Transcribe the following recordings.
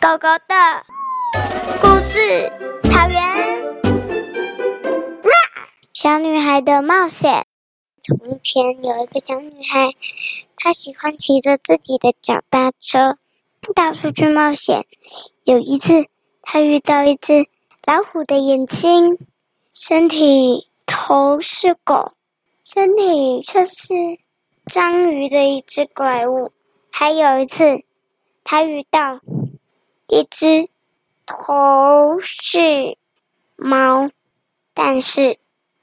狗狗的故事，草原，小女孩的冒險。從前有一個小女孩，她喜歡騎着自己的腳踏車到處去冒險。有一次，她遇到一隻老虎的眼睛，身體頭是狗，身體卻是章魚的一隻怪物。還有一次，她遇到。一隻頭是貓，但是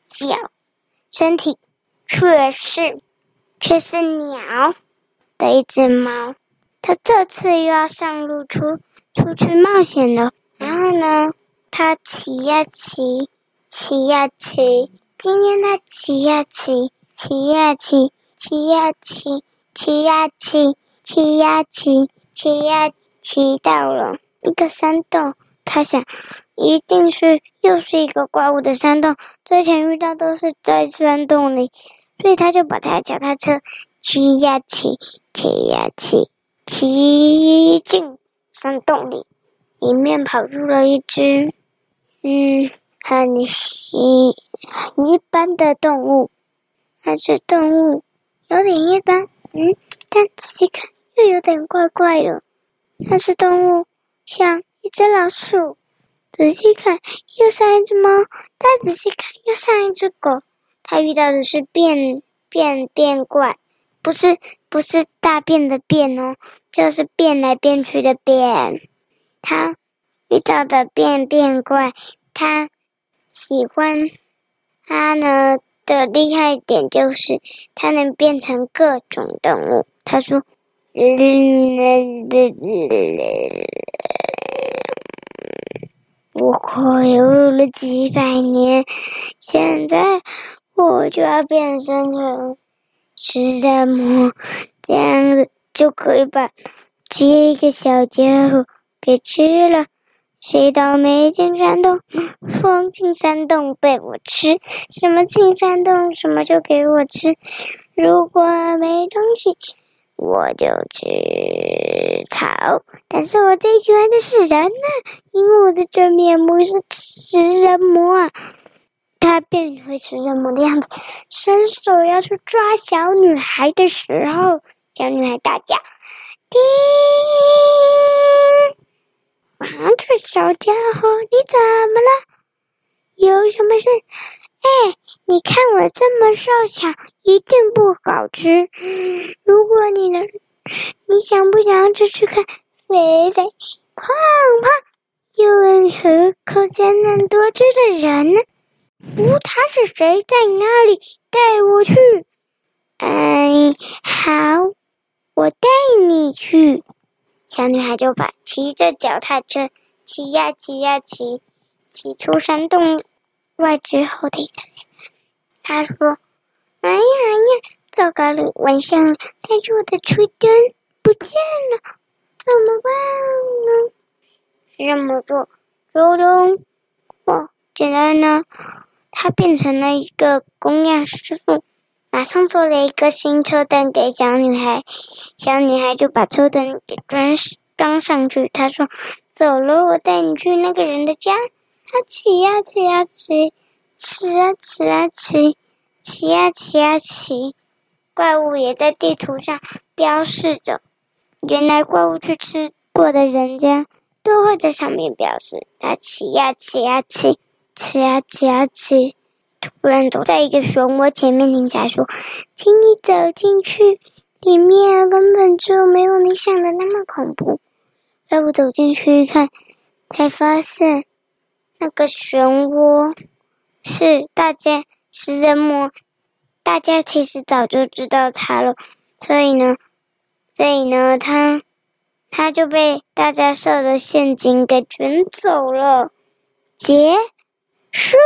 腳、身體卻是卻是鳥的一隻貓，它這次又要上路出出去冒險了。然後呢，它騎呀騎，騎呀騎，今天它騎呀騎，騎呀騎，騎呀騎，騎呀騎，騎呀騎，騎呀。騎到了一個山洞，他想，一定是又是一個怪物的山洞。之前遇到都是在山洞裡，所以他就把他腳踏車騎呀騎，騎呀騎，騎進山洞裡。裡面跑出了一隻，嗯，很稀很一般的動物，那隻動物有點一般，嗯，但仔細看又有點怪怪的。它是動物，像一隻老鼠。仔細看，又像一隻貓；再仔細看，又像一隻狗。它遇到的是變變變怪，不是不是大便的便哦，就是變來變去的變。它遇到的變變怪，它喜歡它呢的厲害一點就是，它能變成各種動物。他說。嗯嗯嗯嗯，我苦修了幾百年，現在我就要變身成食人魔，這樣子就可以把這個小家伙給吃了。誰倒霉進山洞，風進山洞被我吃，什麼進山洞什麼就給我吃。如果沒東西。我就吃草，但是我最喜歡的是人呢，因為我的真面目是食人魔啊，他變回食人魔的樣子，伸手要去抓小女孩的時候，小女孩大叫：“叮！”啊，這個小傢伙，你怎麼了？有什麼事？哎，你看我這麼瘦小，一定不好吃。想不想出去看肥肥胖胖又一口鮮嫩多汁的人呢？無、哦、他是誰？在哪裡？帶我去！哎，好，我帶你去。小女孩就把騎着腳踏車騎呀騎呀騎，騎出山洞外之後停下來。她說：“哎呀哎呀，糟糕了，晚上帶着我的車燈。”不見了，怎麼辦呢？是這麼做，周咚！哇簡單呢，他變成了一個工匠師傅，馬上做了一個新車燈給小女孩。小女孩就把車燈給裝裝上去。他說：“走了，我帶你去那個人的家。啊”他騎呀騎呀騎，騎呀騎呀騎，騎呀騎呀騎。怪物也在地圖上標示着。原來怪物去吃過的人家，都會在上面表示他，啊，吃呀吃呀吃，吃呀吃呀吃。突然，走在一個漩渦前面，停下說：“請你走進去，裡面根本就沒有你想的那麼恐怖。”怪物走進去一看，才發現那個漩渦是大家食人魔。大家其實早就知道他了，所以呢。所以呢，他他就被大家設的陷阱給捲走了，結束。